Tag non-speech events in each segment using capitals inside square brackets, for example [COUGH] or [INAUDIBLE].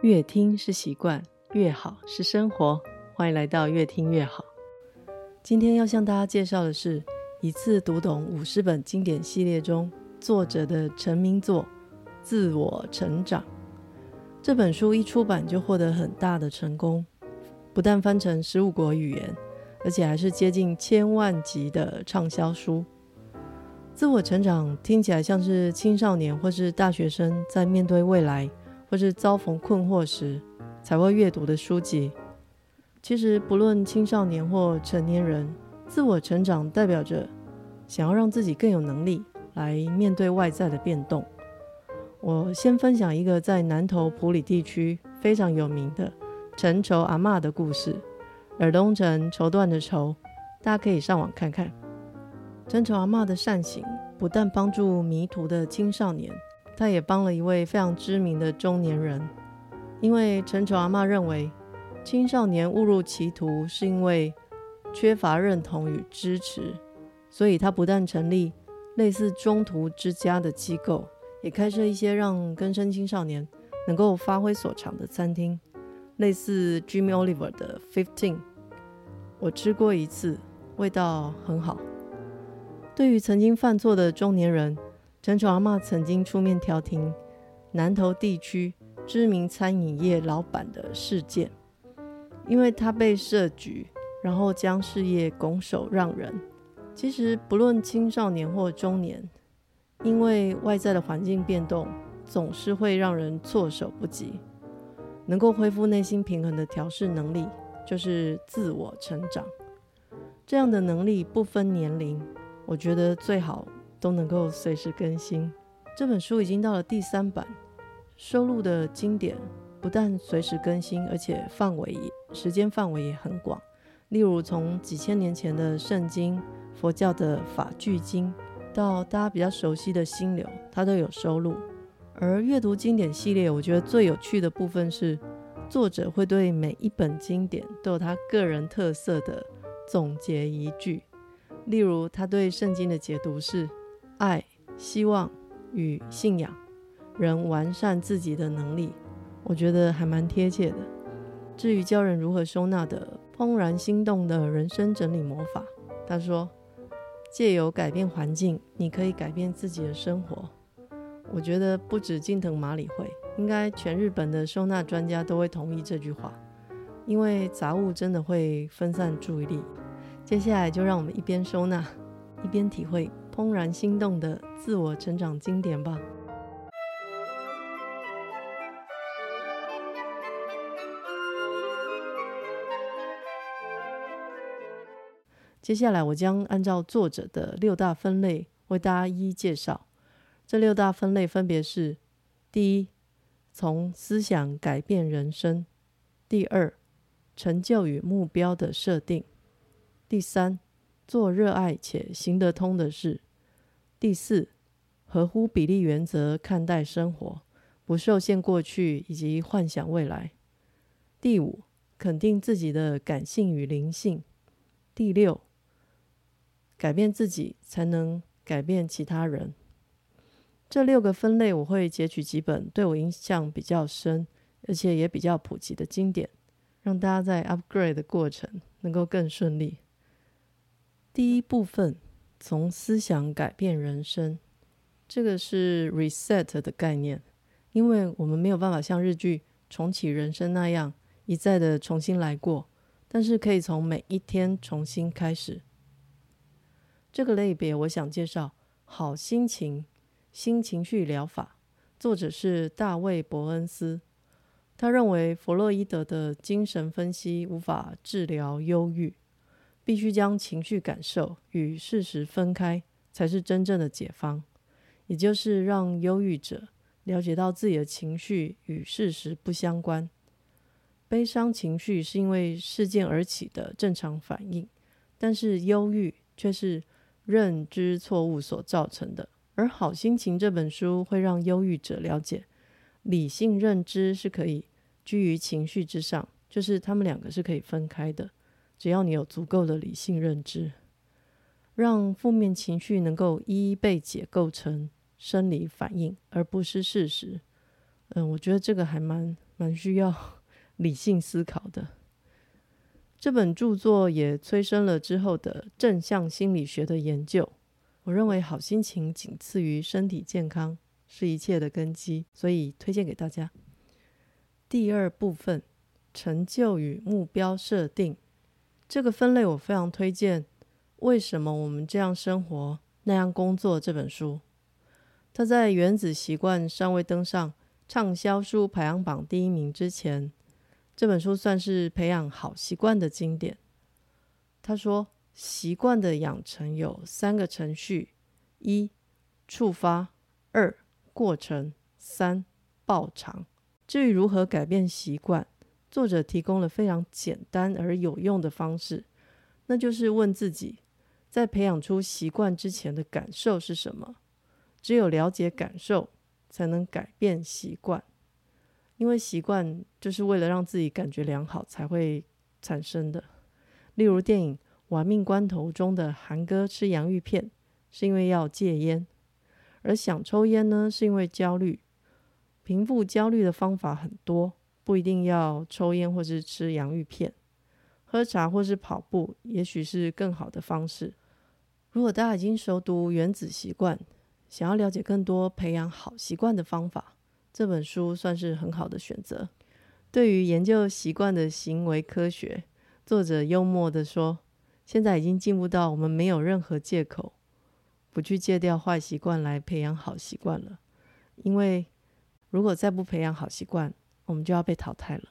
閱聽是習慣，閱好是生活。歡迎來到《閱聽閱好》。今天要向大家介紹的是《一次讀懂五十本經典》系列中作者的成名作《自我成長》。這本書一出版就獲得很大的成功，不但翻成十五國語言，而且還是接近千萬級的暢銷書。《自我成長》聽起來像是青少年或是大學生在面對未來。或是遭逢困惑時才會閱讀的書籍，其實不論青少年或成年人，自我成長代表着想要讓自己更有能力來面對外在的變動。我先分享一個在南投埔里地區非常有名的陳綢阿嬤的故事，耳東陳綢緞的綢，大家可以上網看看。陳綢阿嬤的善行不但幫助迷途的青少年。他也幫了一位非常知名的中年人，因為陳丑阿嬤認為青少年誤入歧途是因為缺乏認同與支持，所以他不但成立類似中途之家的機構，也開設一些讓更生青少年能夠發揮所長的餐廳，類似 Jamie Oliver 的 Fifteen，我吃過一次，味道很好。對於曾經犯錯的中年人。陳楚阿嬤曾經出面調停南投地區知名餐飲業老板的事件，因為他被設局，然後將事業拱手讓人。其實不論青少年或中年，因為外在的環境變動，總是會讓人措手不及。能夠恢復內心平衡的調適能力，就是自我成長。這樣的能力不分年齡，我覺得最好。都能夠隨時更新。這本書已經到了第三版，收錄的經典不但隨時更新，而且範圍也、時間範圍也很廣。例如，從幾千年前的《聖經》、佛教的《法句經》，到大家比較熟悉的心流，它都有收錄。而閱讀經典系列，我覺得最有趣的部分是，作者會對每一本經典都有他個人特色的總結一句。例如，他對《聖經》的解讀是。愛、希望與信仰，人完善自己的能力，我覺得還蠻貼切的。至於教人如何收納的“怦然心動”的人生整理魔法，他說：“借由改變環境，你可以改變自己的生活。”我覺得不止近藤麻理惠，應該全日本的收納專家都會同意這句話，因為雜物真的會分散注意力。接下來就讓我們一邊收納，一邊體會。怦然心動的自我成長經典吧。接下來，我將按照作者的六大分類為大家一一介紹。這六大分類分別是：第一，從思想改變人生；第二，成就與目標的設定；第三，做熱愛且行得通的事。第四，合乎比例原則看待生活，不受限過去以及幻想未來。第五，肯定自己的感性與靈性。第六，改變自己才能改變其他人。這六個分類，我會截取幾本對我印象比較深，而且也比較普及的經典，讓大家在 upgrade 的過程能夠更順利。第一部分。從思想改變人生，這個是 reset 的概念，因為我們沒有辦法像日劇重啟人生那樣一再的重新來過，但是可以從每一天重新開始。這個類別我想介紹好心情新情緒療法，作者是大衛·伯恩斯，他認為弗洛伊德的精神分析無法治療憂鬱。必須將情緒感受與事實分開，才是真正的解放。也就是讓憂鬱者了解到自己的情緒與事實不相關，悲傷情緒是因為事件而起的正常反應，但是憂鬱卻是認知錯誤所造成的。而《好心情》這本書會讓憂鬱者了解，理性認知是可以居於情緒之上，就是他們兩個是可以分開的。只要你有足夠的理性認知，讓負面情緒能夠一一被解構成生理反應，而不是事實。嗯，我覺得這個還蠻蠻需要理性思考的。這本著作也催生了之後的正向心理學的研究。我認為好心情僅次於身體健康，是一切的根基，所以推薦給大家。第二部分：成就與目標設定。這個分類我非常推薦《為什麼我們這樣生活那樣工作》這本書。他在《原子習慣》尚未登上暢銷書排行榜第一名之前，這本書算是培養好習慣的經典。他說，習慣的養成有三個程序：一、觸發；二、過程；三、報償。至於如何改變習慣，作者提供了非常簡單而有用的方式，那就是問自己：在培養出習慣之前的感受是什麼？只有了解感受，才能改變習慣。因為習慣就是為了讓自己感覺良好才會產生的。例如電影《玩命關頭》中的韓哥吃洋芋片，是因為要戒煙；而想抽煙呢，是因為焦慮。平復焦慮的方法很多。不一定要抽煙或是吃洋芋片，喝茶或是跑步，也許是更好的方式。如果大家已經熟讀《原子習慣》，想要了解更多培養好習慣的方法，這本書算是很好的選擇。對於研究習慣的行為科學，作者幽默地說：“現在已經進步到我們沒有任何借口不去戒掉壞習慣，來培養好習慣了，因為如果再不培養好習慣，我們就要被淘汰了。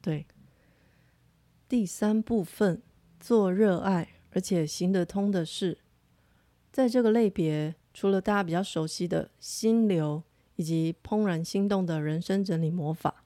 對，第三部分做熱愛而且行得通的事，在這個類別，除了大家比較熟悉的心流以及怦然心動的人生整理魔法，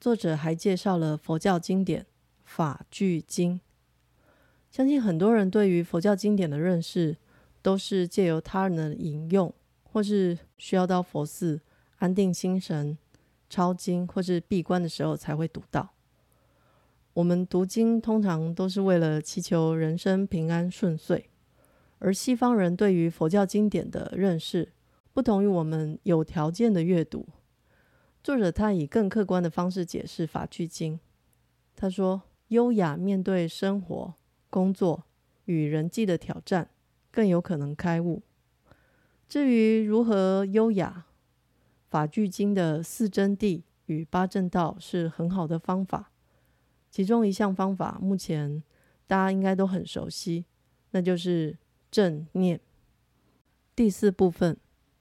作者還介紹了佛教經典《法句經》。相信很多人對於佛教經典的認識，都是借由他人的引用，或是需要到佛寺安定心神。抄經或是閉關的時候才會讀到。我們讀經通常都是為了祈求人生平安順遂，而西方人對於佛教經典的認識，不同於我們有條件的閱讀。作者他以更客觀的方式解釋《法句經》，他說：優雅面對生活、工作與人際的挑戰，更有可能開悟。至於如何優雅？法句經的四真諦與八正道是很好的方法，其中一項方法目前大家應該都很熟悉，那就是正念。第四部分，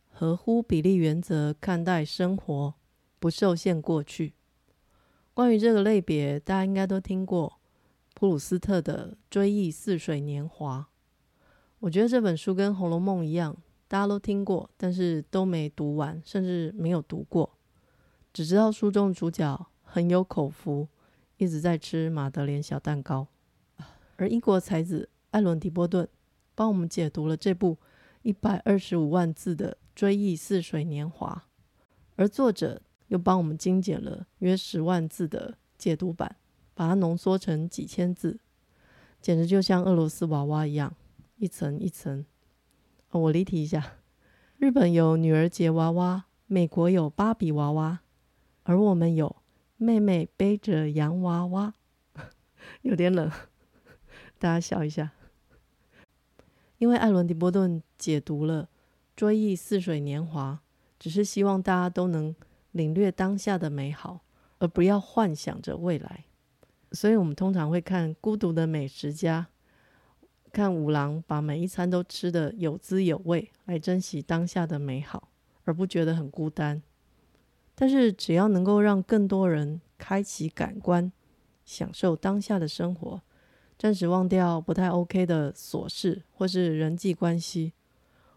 合乎比例原則看待生活，不受限過去。關於這個類別，大家應該都聽過普魯斯特的《追憶似水年華》，我覺得這本書跟《紅樓夢》一樣。大家都聽過，但是都沒讀完，甚至沒有讀過，只知道書中的主角很有口福，一直在吃馬德蓮小蛋糕。而英國才子艾倫·迪波頓幫我們解讀了這部一百二十五萬字的《追憶似水年華》，而作者又幫我們精簡了約十萬字的解讀版，把它濃縮成幾千字，簡直就像俄羅斯娃娃一樣，一層一層。我離題一下，日本有女兒節娃娃，美國有芭比娃娃，而我們有妹妹背着洋娃娃。 [LAUGHS] 有點冷，大家笑一下。 [LAUGHS] 因為艾倫·迪波頓解讀了《追憶似水年華》，只是希望大家都能領略當下的美好，而不要幻想着未來。所以我們通常會看《孤獨的美食家》。看五郎把每一餐都吃得有滋有味，來珍惜當下的美好，而不覺得很孤單。但是只要能夠讓更多人開啟感官，享受當下的生活，暫時忘掉不太 OK 的瑣事或是人際關係，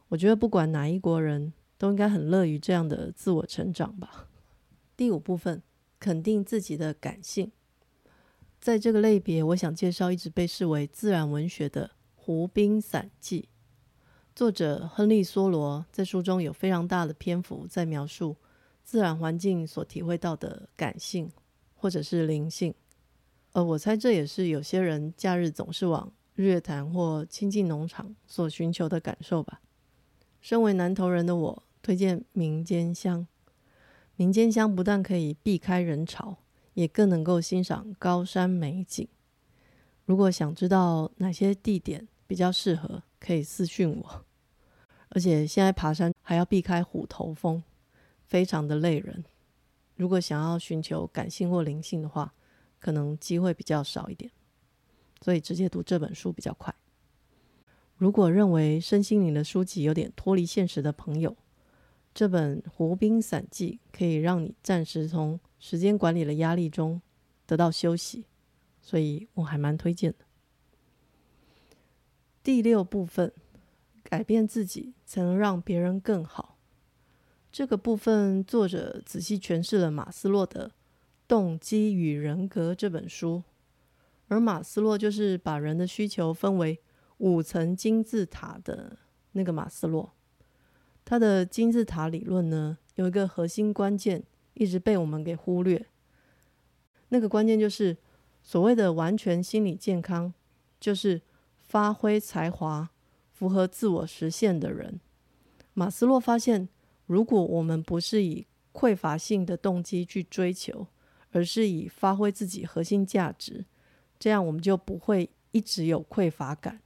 我覺得不管哪一國人都應該很樂於這樣的自我成長吧。第五部分，肯定自己的感性，在這個類別，我想介紹一直被視為自然文學的。《湖濱散記》作者亨利·梭羅在書中有非常大的篇幅在描述自然環境所體會到的感性，或者是靈性。呃，我猜這也是有些人假日總是往日月潭或清境農場所尋求的感受吧。身為南投人的我，推薦名間鄉。名間鄉不但可以避開人潮，也更能夠欣賞高山美景。如果想知道哪些地點，比較適合，可以私訊我。而且現在爬山還要避開虎頭蜂，非常的累人。如果想要尋求感性或靈性的話，可能機會比較少一點。所以直接讀這本書比較快。如果認為身心靈的書籍有點脫離現實的朋友，這本《湖濱散記》可以讓你暫時從時間管理的壓力中得到休息，所以我還蠻推薦的。第六部分，改變自己才能讓別人更好。這個部分，作者仔細詮釋了馬斯洛的《動機與人格》這本書。而馬斯洛就是把人的需求分為五層金字塔的那個馬斯洛。他的金字塔理論呢，有一個核心關鍵，一直被我們給忽略。那個關鍵就是所謂的完全心理健康，就是。發揮才華、符合自我實現的人，馬斯洛發現，如果我們不是以匱乏性的動機去追求，而是以發揮自己核心價值，這樣我們就不會一直有匱乏感，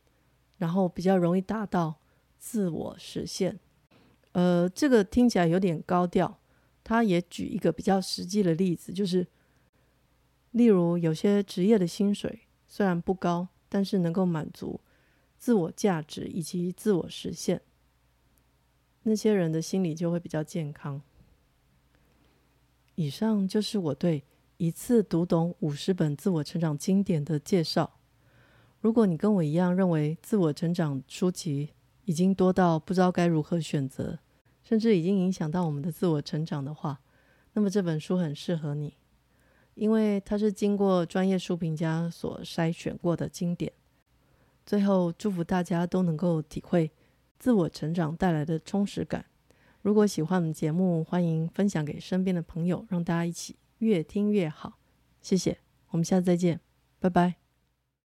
然後比較容易達到自我實現。呃，這個聽起來有點高調，他也舉一個比較實際的例子，就是例如有些職業的薪水雖然不高。但是能夠滿足自我價值以及自我實現，那些人的心理就會比較健康。以上就是我對一次讀懂五十本自我成長經典的介紹。如果你跟我一樣認為自我成長書籍已經多到不知道該如何選擇，甚至已經影響到我們的自我成長的話，那麼這本書很適合你。因為它是經過專業書評家所篩選過的經典。最後，祝福大家都能夠體會自我成長帶來的充實感。如果喜歡我們節目，歡迎分享給身邊的朋友，讓大家一起越聽越好。謝謝，我們下次再見，拜拜。